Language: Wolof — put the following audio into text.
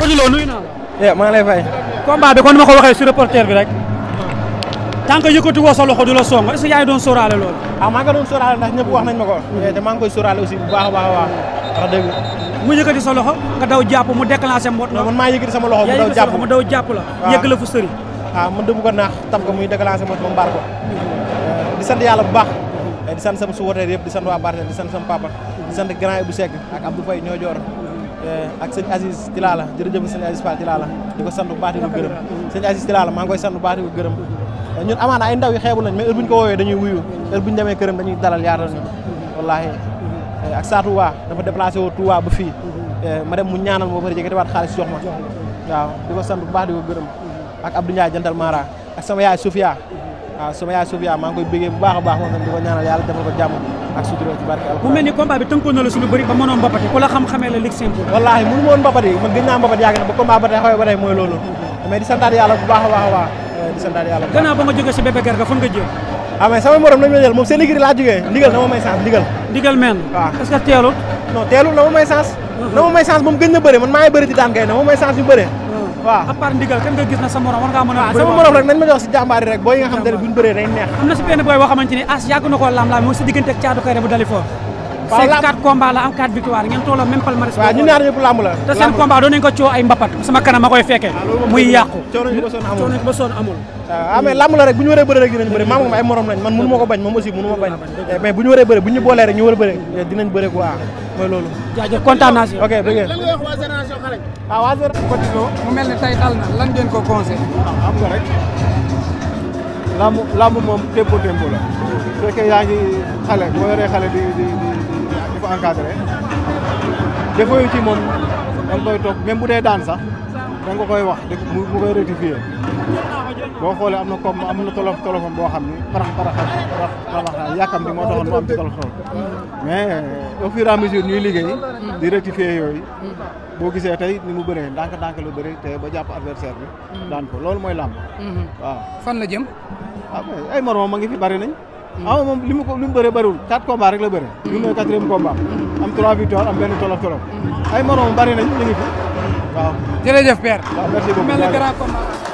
Codou Lo nuyu naa maa ngi lay fay. combat kon ni ma ko waxee si reporter bi rek. tant que yëkkati woo sa loxo du la song est ce que yaa ngi doon sóoraale ah, ñëpp wax nañ ma ko. Eh, maa ngi koy sóoraale aussi a baax a baax. wax dëgg. mu yëkkati sa loxo nga daw jàpp mu déclenché mbot. non man maa yëkkati sama loxo mu daw jàpp mu jàpp la. waaw ah. yëgg la fu sëri. ah man dëgg ko naax tab ko muy déclenché mbot moom mbaar ko. Eh, di sant yàlla bu baax. Eh, di sant sama supporter yëpp di sant waa Barthé di sant sama papa. di sant grand Ibou Seck ak Abdou Faye ñoo joor Eh, ak sëñ Aziz Tilala jërëjëf sëñ Aziz Fall Tilala di ko sant bu baax di ko gërëm sëñ Aziz Tilala maa ngi koy sant bu baax di ko gërëm eh, ñun amaana ay ndaw yi xeebu nañ mais heure bu ñu ko woowee dañuy wuyu heure bu ñu demee këram dañuy dalal yaatal ñu wallaahi eh, ak saa Touba dafa déplacé woo Touba ba fii ma dem mu ñaanal ma ba pare jege waat xaalis jox ma waaw di ko sant bu baax ko gërëm ak Abdou Ndiaye jantal Mara ak sama yaay Sofia waaw ah, sama yaay Sofia maa ngi koy bëggee bu a ko ñaanal yàlla defal ko jàmm ak sutura ci barke bi tënkoon suñu bëri ba mënoon mbapati ku la xam-xamee la ligue simple wallaahi mënu moon mbapati man gën naa mbapati yàgg na ba combat a baax a nga jógee si bébé garga fan nga jëm ah mais sama morom lañ la moom seen liggéey laa jógee ndigal na ma may ndigal ndigal men waaw est-ce que teelul na ma may uh-huh. moom gën na bëre man maa ngi bëri daan kay na ma may chance yu waaw à part ndigal kan nga gis na sa morom war ngaa mën a sama morom rek nañ ma jox si jàmbaar yi rek booy yi nga xam ne buñu bëree day neex am na si benn booy boo xamante ni as yàgg na koo lam-laam moom si diggante ak caatu kay bu dali foofu waaw la 4 combats la am 4 victoire ngeen tolloo même palmarès. waaw ñu ñaar ñëpp la. te seen combat doon nañu ko coow ay mbapat sama kanam ma koy fekkee. muy yàqu ba sonn amul amul. Ah, la moom ay morom lañ man mënu ko bañ moom aussi mënu bañ eh, mais bu ñu waree bu ñu boolee ñu war a bëre eh, dinañ bëre quoi mooy loolu. encadré défaut yi ci moom da nga koy toog même bu dee daan sax da ko koy wax mu koy rectifier boo xoolee am na comme am na tolof tolofam boo xam ni parax parax parax naa yàkkam bi moo taxoon mu am ci tolof tolof mais euh, au fur et à mesure ñuy liggéey di rectifier yooyu boo gisee tey ni mu bëree ndànk ndànk lu bëri te ba jàpp adversaire bi daan ko loolu mooy làmb mm-hmm. waaw fan la jëm ah ay moromam ma ngi fi bari ama moom li mu ko li mu bëree bëriwul quatre combats rek la bëre ñun mooy quatrième combat am trois victoires am benn tolof tolof ay moroom bari nañ ñu ngi waaw jërëjëf père